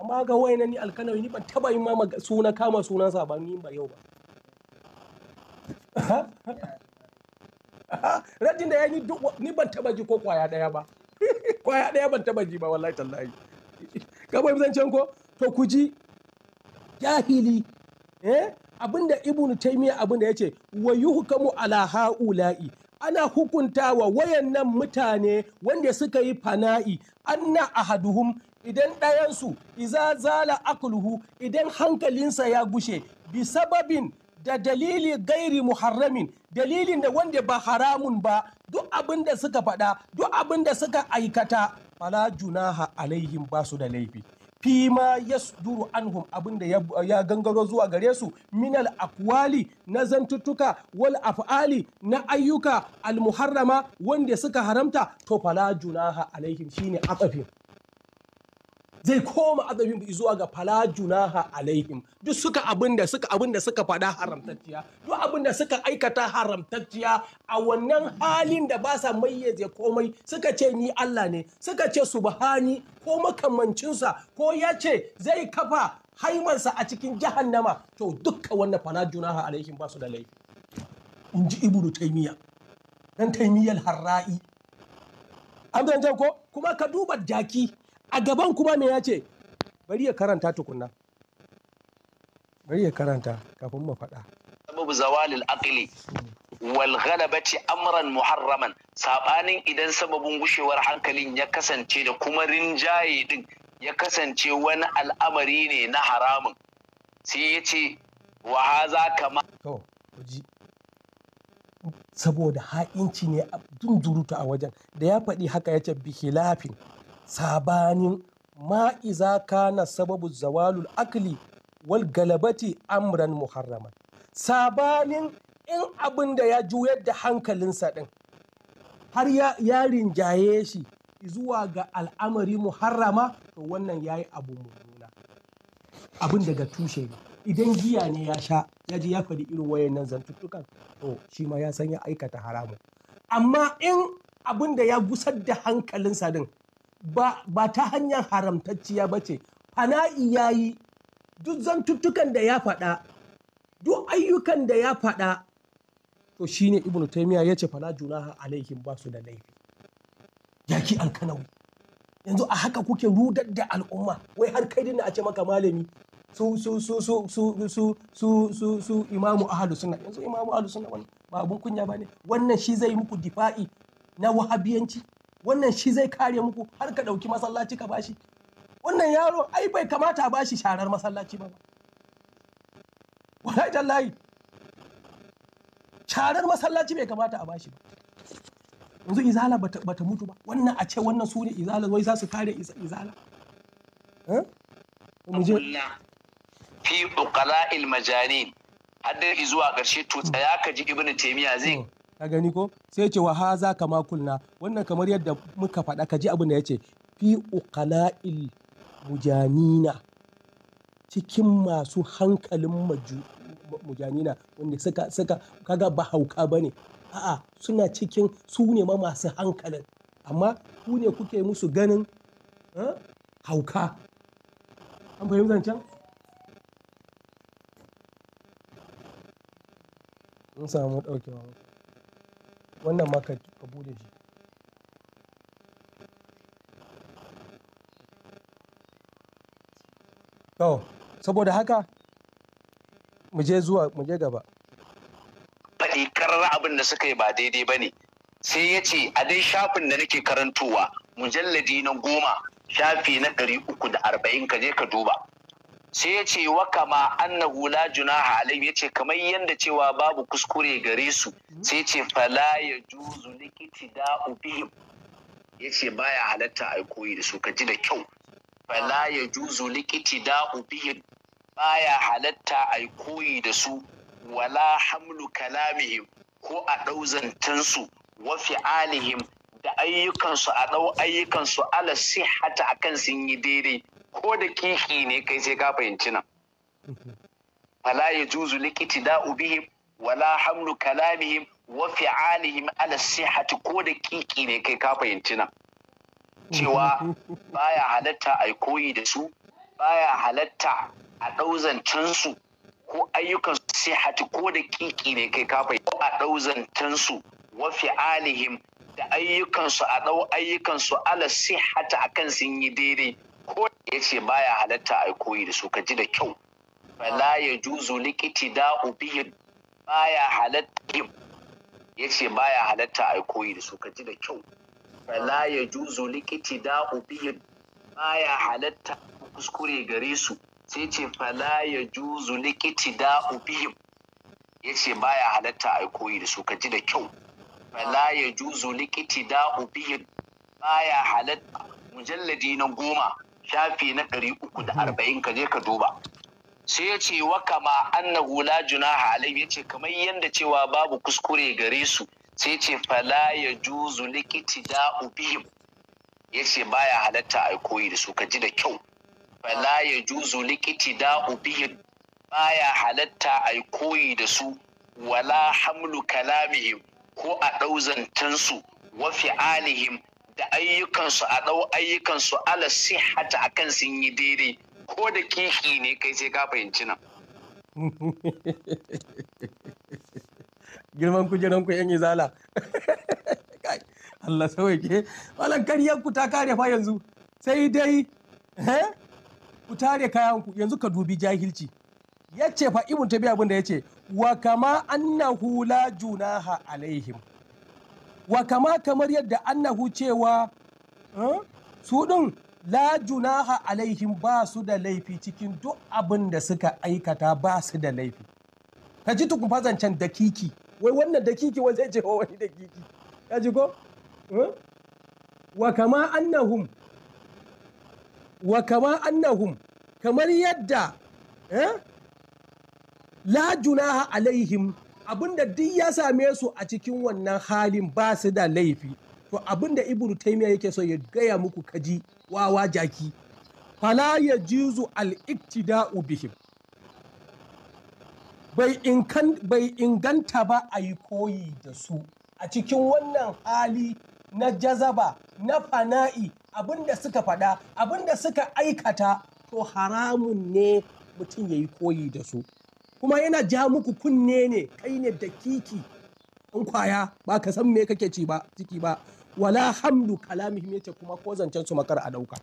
amma ga wayannan ni alkanawi ni ban taba yin ma suna kama sunan sa ba ni ba yau ba (laughs) radin da ya ni ni ban taba ji ko kwaya daya ba (laughs) kwaya daya ban taba ji ba wallahi tallahi kawai zan ko to ku ji jahili eh abinda ibnu taymiya abinda yace wa yuhkamu ala haula'i ana hukunta wa wayannan mutane wanda suka yi fana'i anna ahaduhum idan ɗayansu iza zala akluhu idan hankalinsa ya gushe bi sababin da dalili gairi muharramin dalilin da wanda ba haramun ba duk abin da suka faɗa duk abin da suka aikata fala junaha alaihim ba su da laifi fima ma yasduru anhum abinda ya gangaro zuwa gare su minal akwali na zantuttuka wal af'ali na ayyuka al wanda suka haramta to fala junaha alaihim shine atsafi zai koma azabin bai zuwa ga fala junaha alaihim duk suka abinda suka da suka faɗa haramtacciya duk abinda suka aikata haramtacciya a wannan halin da ba sa mayyaze komai suka ce ni Allah ne suka ce subhani ko makamancinsa ko ya ce zai kafa haimarsa a cikin jahannama to dukkan wannan fala junaha alaihim ba su da laifi in ji ibnu taymiya dan taymiyal harra'i an ko kuma ka duba jaki a gaban kuma me ya ce bari ya karanta tukunna bari ya karanta kafin mu faɗa
sababu zawalil aqli wal ghalabati amran muharraman sabanin idan sababin gushewar hankalin ya kasance da kuma rinjaye din ya kasance wani al'amari ne na haramun sai ya ce wa haza kama
saboda ha'inci ne a dunduruta a wajen da ya faɗi haka ya ce bihilafin sabanin ma iza kana sababu zawalul akli wal galabati amran muharrama. sabanin in abin da ya juyar da hankalinsa ɗin har ya rinjaye shi zuwa ga al'amari muharrama to wannan ya yi abu mummuna abin daga tushe ne idan giya ne ya sha ya ji ya faɗi irin wayan nan zantuttukan to shi ma ya san ya aikata haramun amma in abin da ya gusar da hankalinsa din ba ta hanyar haramtacciya ba ce fana'i ya yi duk zantuttukan da ya faɗa duk ayyukan da ya faɗa to shi ne Ibn taimiya ya ce juna juna alaihim ba su da laifi yaki alkanawi yanzu a haka kuke rudar da al'umma wai har kai dinna a ce maka malami su su su su su su imamu ahlus sunna yanzu imamu ahlus sunna ba abun kunya wannan shi zai muku difa'i na wahabiyanci wannan shi zai kare muku har ka ɗauki masallaci ka bashi wannan yaro ai bai kamata ba bashi sharar masallaci ba wallahi tallahi sharar masallaci bai kamata a bashi ba yanzu izala bata mutu ba wannan a ce wannan su ne izala wai za su kare izala eh?
fi uqala'il majanin har dai zuwa ƙarshe to tsaya ka ji ibnu taymiya zai hmm.
ka gani ko sai ce wa haza kama kulna wannan kamar yadda muka faɗa ka ji abin da ya ce. fi uqala'il mujanina cikin masu hankalin mujanina wanda suka suka kaga ba hauka bane a'a suna cikin su ne ma masu hankalin amma ku ne kuke musu ganin eh, hauka an fahimci zancen mun samu ɗaukewa wannan ma ka bude shi to saboda haka mu je zuwa mu je gaba
faɗi karar abin da suka yi ba daidai ba ne sai ya ce a dai shafin da nake karantowa mujalladi na goma shafi na ɗari uku da arba'in ka je ka duba sai ya ce wa kama annahu la junaha ya yace kamar yadda cewa babu kuskure gare su sai ce fala ya juzu likiti da ce yace baya halatta a koyi da su ka ji da kyau fala ya juzu likiti da ba baya halatta a koyi da su wala hamlu kalamihim ko a ɗau su wa fi'alihim da ayyukansu a ɗau ayyukansu ala sihata akan sun yi daidai ko da kishi ne kai sai ka fahimci nan fala ya juzu likiti da ubihim. wala hamlu kalamihim wa fi'alihim ala sihati ko da kiki ne kai ka fahimci nan
cewa
baya halatta a koyi da su baya halatta a ɗauzantansu su ko ayyukan sihati ko da kiki ne kai ka fahimci a ɗauzantansu su wa fi'alihim da ayyukansu a ɗau ayyukansu ala sihati akan sun yi daidai ya ce baya halatta a koyi da su ka ji da kyau Bala ya juzu likiti da ubiyin ya halatta ya ce baya halatta a koyi da su ka ji da kyau Bala ya juzu likiti da ubiyin ya halatta kuskure gare su sai ce fala ya juzu likiti da ubiyin ya ce baya halatta a koyi da su ka ji da kyau fala ya juzu likiti da ubiyin ya halatta mujalladi na goma littafi na ɗari uku da mhm. arba'in ka je ka duba sai ya ce wa kama annahu la junaha alaihi ya ce kamar yadda cewa babu kuskure gare su sai ce fala ya juzu likiti da ubihim ya ce baya halatta a koyi da su ka ji da kyau fala ya juzu likiti da ubihim baya halatta a koyi da su wala hamlu kalamihim ko a ɗauzantansu wa fi'alihim da ayyukansu a ɗau ayyukansu ala a akan sun yi daidai ko da kishi ne kai sai ka fahimci nan.
(laughs) Girman kujeran ku yan izala. (laughs) Allah sauye ke. Malam kariyar ku ta kare fa yanzu. Sai dai ku tare kayan ku yanzu ka dubi jahilci. Ya ce fa ibn tabi abin da ya ce wa kama annahu la junaha alaihim. wa kama kamar yadda annahu cewa su ɗin la junaha alaihim ba su da laifi cikin duk abin da suka aikata ba su da laifi ka ji tukun fazancen dakiki wai wannan dakiki wai zai cewa wani dakiki ka ji ko wa kama annahum wa kama annahum kamar yadda la junaha alaihim da duk ya same su a cikin wannan halin ba su da laifi to abinda ibnu taymiya yake so ya gaya muku kaji wawa jaki fala ya jizu al-iktida'u bihim bai inganta ba a yi koyi da su a cikin wannan hali na jazaba na fana'i abinda suka faɗa da suka aikata to haramun ne mutum ya yi koyi da su kuma yana ja muku kunne ne kai ne da kiki an kwaya ba ka san me kake ci ba ciki ba wala hamdu kalamihim yace kuma ko zancen su makar a dauka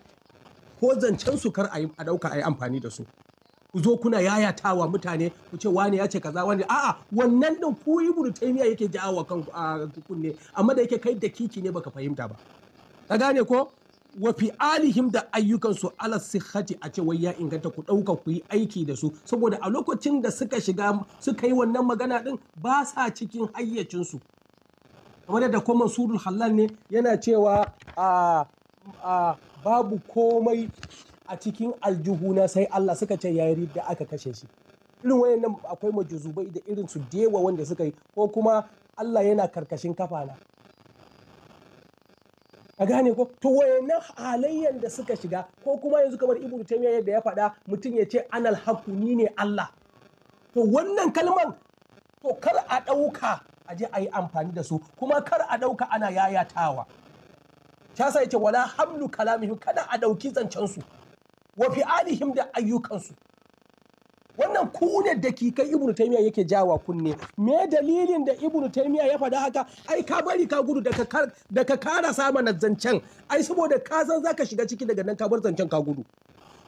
ko zancen su kar a dauka ayi amfani da su ku zo kuna yayatawa mutane ku ce wani ya ce kaza wani a'a wannan din ku buru taimiya yake jawo kan kunne amma da yake kai da kiki ne baka fahimta ba ka gane ko wa alihim da ayyukansu ala sihhati a ce wai ya inganta ku ɗauka ku yi aiki da su saboda a lokacin da suka shiga suka yi wannan magana din ba sa cikin hayyacinsu kamar da kuma surul halal ne yana cewa a babu komai a cikin aljihuna sai Allah suka ce yi da aka kashe shi irin wayannan akwai majuzubai da irin su dewa wanda suka yi ko kuma Allah yana karkashin kafana a gane ko to wayannan halayyan da suka shiga ko kuma yanzu kamar ibnu taymiya yadda ya faɗa mutum ya ce anal haku ni ne Allah to wannan kalman to kar a ɗauka a je a yi amfani da su kuma kar a ɗauka ana yayatawa ya ce wala hamlu kalamihim kada a ɗauki zancensu wa fi'alihim da ayyukansu wannan ku ne dakikai ibnu taymiya yake jawa kunne me dalilin da ibnu taymiya ya faɗa haka ai ka bari ka gudu daga ka kara sama na zancen ai saboda ka san zaka shiga ciki daga nan ka bar zancen ka gudu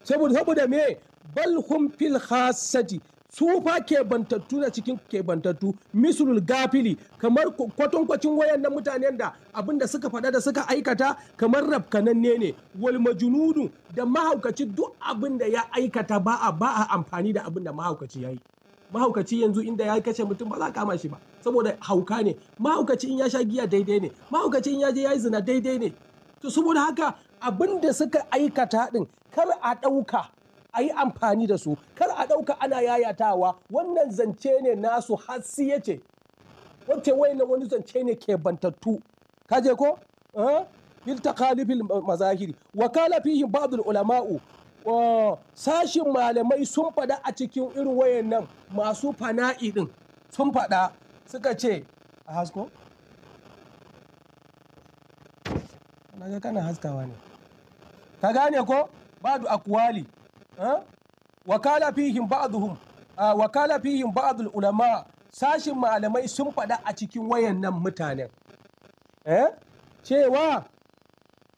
saboda saboda me bal hum fil khassati su fa kebantattu na cikin kebantattu misrul gafili kamar kwatankwacin na mutanen da abin da suka faɗa da suka aikata kamar rafkananne ne wal majununu da mahaukaci duk abin da ya aikata ba a ba a amfani da abin da mahaukaci ya yi mahaukaci yanzu inda ya kashe mutum ba za a kama shi ba saboda hauka ne mahaukaci in ya sha giya daidai ne mahaukaci in ya je ya yi zina daidai ne to saboda haka abin da suka aikata din kar a ɗauka a yi amfani da su kar a ɗauka ana yayatawa wannan zance ne nasu hasiya ce wacce wai na wani zance ne ke bantattu kaje ko eh? bil takalifil mazahiri wa kala fihi ba'd ulama'u sashin malamai sun fada a cikin irin wayannan masu fana'i din sun faɗa suka ce a hasko na ga kana haskawa ne ka gane ko ba'd akwali wakala fihim ba'dhum wakala fihim ba'dul ulama sashin malamai sun faɗa a cikin wayannan mutanen eh? cewa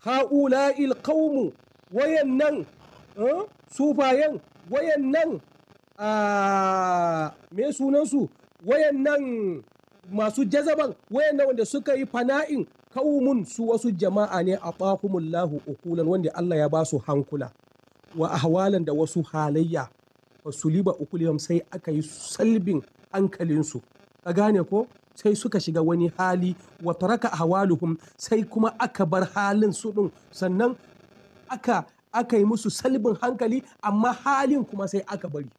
ha'ula'il qaumu wayannan eh, sufayen wayannan me sunansu wayannan masu jazaban wayannan wanda suka yi fana'in kawumun su wasu jama'a ne a lahu ukulan wanda Allah ya ba su hankula wa ahwalan da wasu halayya fasuliba ukuliyam sai aka yi salbin hankalinsu ka gane ko sai suka shiga wani hali wa taraka ahwaluhum sai kuma aka bar halin su din sannan aka aka yi musu salbin hankali amma halin kuma sai aka bari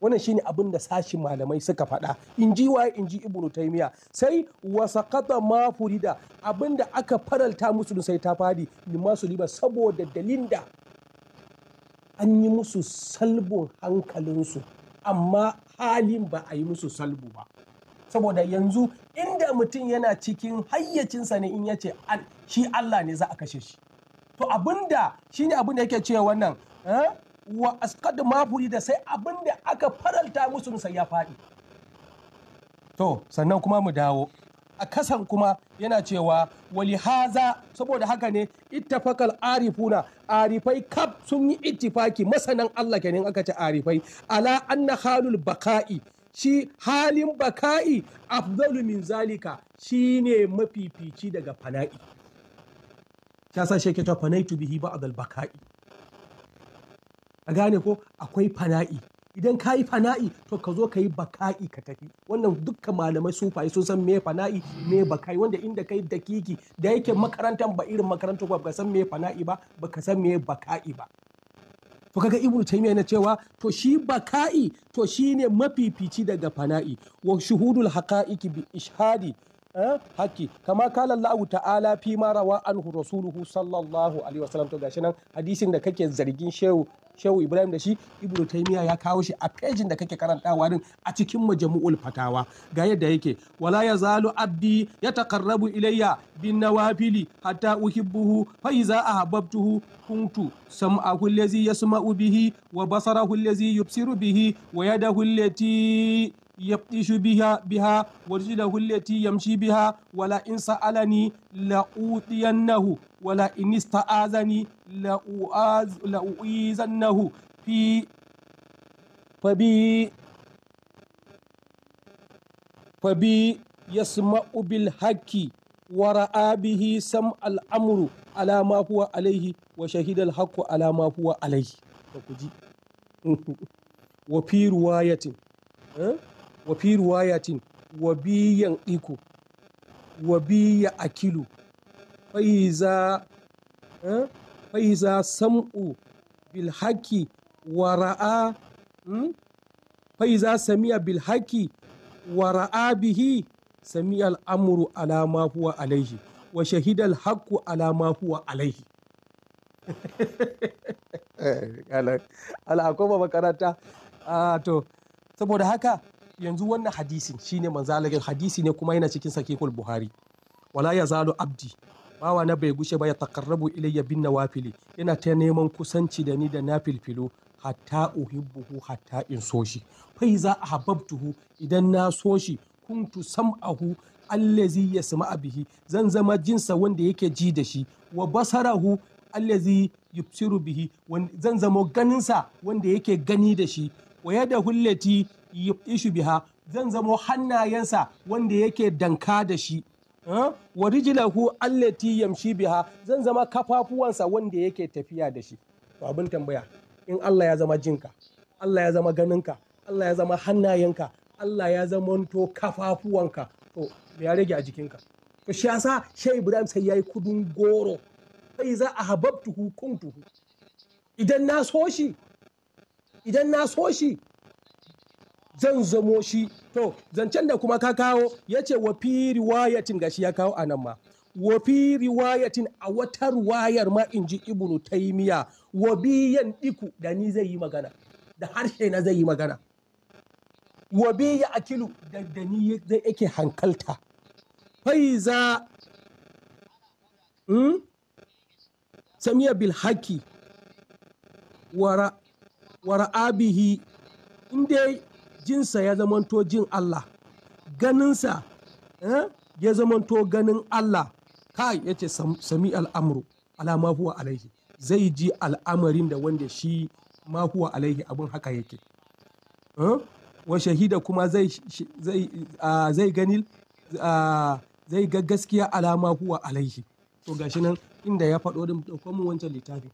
wannan shine abin da sashin malamai suka faɗa in ji waye in ji ibnu taymiya sai wasaqata ma furida abinda aka faralta musu sai ta fadi limasu liba saboda dalilin an yi musu salbon hankalinsu amma halin ba a yi musu salbo ba saboda yanzu inda mutum yana cikin hayyacinsa ne in yace ce shi Allah ne za a kashe shi to abinda shi ne abinda yake cewa wannan eh, wa askadu mafuri da sai abinda aka faralta musu ya faɗi to sannan kuma mu dawo a kasan kuma yana cewa wali haza saboda haka ne ittafakal arifuna arifai kaf sun yi ittifaki masanan Allah kenan aka ce arifai ala anna halul baka'i shi halin baka'i afdalu min zalika shine mafifici daga fana'i ta sa shekita fanaitu bihi ba'd al baka'i a gane ko akwai fana'i idan ka yi fana'i to ka zo ka yi baka'i ka tafi wannan dukka malamai sufaye sun san me fana'i me baka'i wanda inda kai dakiki da yake makarantar ba irin makarantar ba ka san me fana'i ba ba ka san me baka'i ba to kaga ibnu taymiya na cewa to shi baka'i to shine mafifici daga fana'i wa shuhudul haqa'iqi bi ishadi eh, haki kama kala Allah ta'ala fi ma rawa anhu rasuluhu sallallahu alaihi wasallam to gashi nan hadisin da kake zargin shehu shehu ibrahim da shi ibnu taymiya ya kawo shi a pejin da kake karantawa din a cikin majmu'ul fatawa ga yadda yake wala yazalu abdi yataqarrabu ilayya bin nawafili hatta uhibbuhu fa iza ahbabtuhu kuntu sam'ahu allazi yasma'u bihi wa basarahu allazi yubsiru bihi wa yadahu allati yabtishu biha biha wa rijluhu allati yamshi biha wala in sa'alani la'utiyannahu wala in ista'azani la u'izannahu fi fabi fabi yasma'u bil haqqi wa ra'a sam al amru ala alaihi wa shahidal haqqu ala ma alaihi (laughs) wa eh? wa biyan iko wa biya akilu Eh, faiza sam'u bil haqi wa ra'a hmm? faiza samiya bil haqi wa ra'a bihi samiya al’amuru amru huwa alaihi wa shahida Alhaku haqqu ala ma huwa alaihi (laughs) eh, al'akoma makaranta ah, to saboda haka yanzu wannan hadisin shine manzalagin hadisi ne kuma yana cikin sakikul buhari wala ya zalo abdi bawa na bai gushe ba ya takarrabu ilayya bin nawafili yana ta neman kusanci da ni da na filfilo hatta uhibbuhu hatta in so shi fai za a hababtuhu idan na so shi kuntu sam'ahu allazi yasma'a bihi zan zama jinsa wanda yake ji da shi wa basarahu allazi yubsiru bihi zan zama ganinsa wanda yake gani da shi wa yada hullati yubishu biha zan zamo hannayensa wanda yake danka da shi wa rijlahu allati yamshi biha zan zama kafafuwansa wanda yake tafiya da shi to abin tambaya in Allah ya zama jinka Allah ya zama ganinka Allah ya zama hannayenka Allah ya zama zamanto kafafuwanka to ya rage a jikinka to shi yasa shay Ibrahim sai yayi kudin goro sai za a hababtuhu kuntuhu idan na so shi idan na so shi zan zamo shi to zancen da kuma ka kawo ya ce wa fi riwayatin gashi ya kawo a nan ma wa fi riwayatin a wata riwayar ma in ji ibnu taimiya wa biyan diku da ni zai yi magana da harshe na zai yi magana wa biya akilu da da ni zai yake hankalta faiza hmm? samiya bil wara wara abihi in jinsa ya zamanto jin Allah ganinsa eh, ya zamanto ganin Allah kai ya ce sami al'amru alama huwa alaihi zai ji al'amarin da wanda shi ma huwa alaihi abin haka yake eh, wa shahida kuma zai gani zai ga gaskiya alama huwa alaihi to gashi nan inda ya faɗo da mu wancan littafi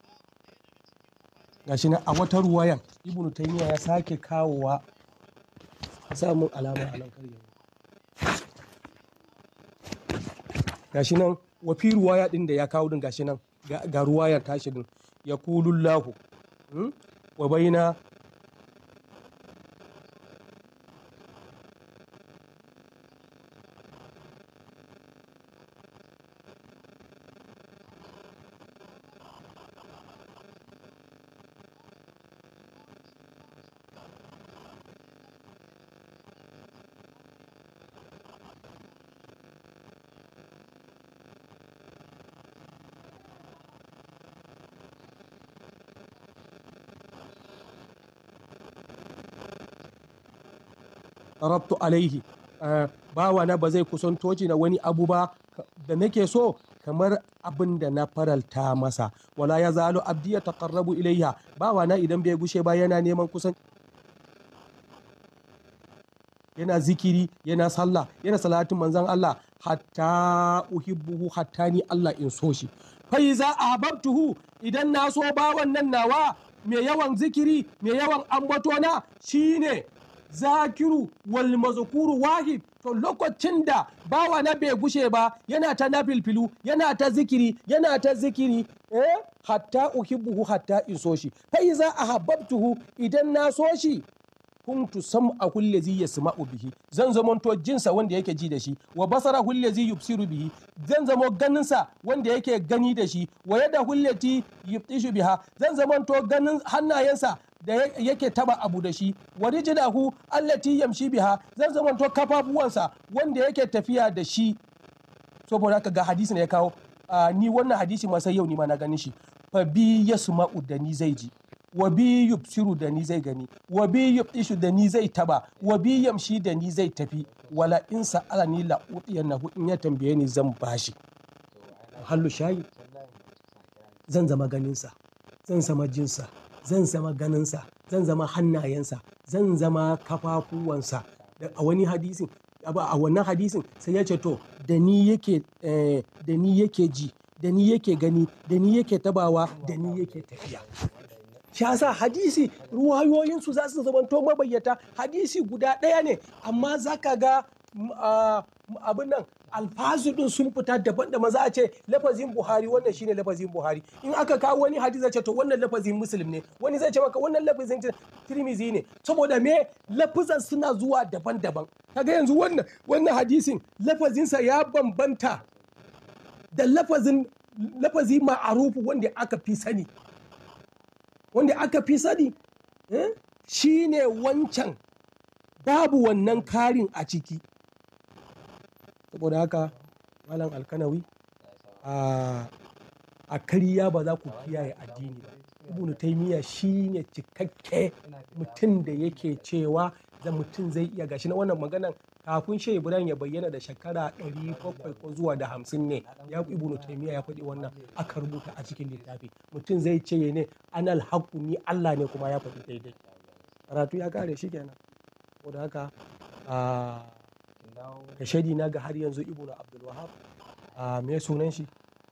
gashi nan a wata ruwayan ibnu taymiya ya sake kawowa samun alama a nan ga shi nan wafi ruwaya din da ya kawo din shi nan ga ruwayar tashi din ya kulullahu hmm, wa baina qarabtu alaihi eh, bawa na ba zai kusanto na wani abu ba da nake so kamar abin da na faralta masa wala ya zalo abdi ya taqarrabu ilayya bawa na idan bai gushe ba yana neman kusan yana zikiri yana sallah yana salatin manzan Allah hatta uhibbuhu hatta ni Allah in so shi fai za a idan na so bawan nan nawa mai yawan zikiri mai yawan ambato na shine zakiru wal mazkuru wahid to lokacin da bawa na bai gushe ba yana ta nafilfilu yana ta zikiri yana ta zikiri eh hatta uhibbuhu hatta iso shi fa iza ahabbtuhu idan na so shi kuntu sam'ahu allazi yasma'u bihi zan zamanto jinsa wanda yake ji da shi wa basara basarahu allazi yubsiru bihi zan ganin ganinsa wanda yake gani da shi wa yadahu allati yubtishu biha zan to ganin hannayensa da yake taba abu da shi wa rijlahu allati yamshi biha zan zamanto kafafuwansa wanda yake tafiya da shi saboda haka ga hadisi ne ya kawo ah, ni wannan hadisi ma yau ni ma na ganin shi fa bi yasma'u da ni zai ji wa bi yubsiru da ni zai gani wa bi yubishu da ni zai taba wa bi yamshi da ni zai tafi wala in ni la utiyannahu in ya tambaye ni zan bashi hallu shayi zan zama ganinsa zan zama jinsa zan zama ganinsa zan zama hannayensa zan zama kafafuwansa a wani hadisin a wannan hadisin sai ya ce to da ni yake eh, da ni yake ji da ni yake gani da ni yake tabawa da ni yake tafiya shi yasa hadisi ruwayoyinsu za su to mabayyata hadisi guda ɗaya ne amma za ka ga mm, mm, abin nan alfazu din sun fita daban da maza a ce lafazin buhari wannan shine lafazin buhari in aka kawo wani hadisi zai ce to wannan lafazin muslim ne wani zai ce maka wannan lafazin tirmizi ne saboda me lafazan suna zuwa daban-daban kaga yanzu wannan wannan hadisin lafazinsa ya bambanta da lafazin lafazi ma'arufu wanda aka fi sani wanda aka fi sani eh, shi ne wancan babu wannan karin a ciki saboda haka malam alkanawi a kariya ba za ku kiyaye addini ba ibnu taimiyya shi ne cikakke mutum da yake cewa da mutum zai iya gashi na wannan maganan kafin shi ibrahim ya bayyana da shekara 700 ko zuwa da 50 ne ya ibnu taymiya ya faɗi wannan aka rubuta a cikin littafi mutum zai ce ne anal haqqu ni Allah ne kuma ya faɗi daidai karatu ya kare shi kenan da haka da shaidi na ga har yanzu ibnu abdul wahab me sunan shi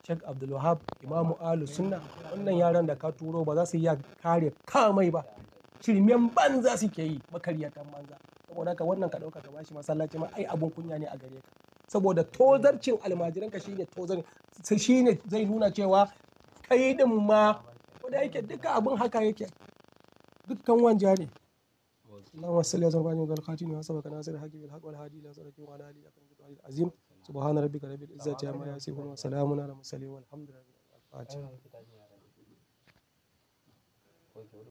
Sheikh Abdul Wahab Imamu Alu Sunna wannan yaran da ka turo ba za su iya kare kamai ba shirmen banza suke yi makariyatan banza saboda ka wannan ka dauka ka bashi masallaci ma ai abun kunya ne a gare ka saboda tozarcin almajiran ka shine tozar shine zai nuna cewa kai din ma wanda yake duka abun haka yake dukkan wanja ne اللهم صل على سيدنا محمد الخاتم
wa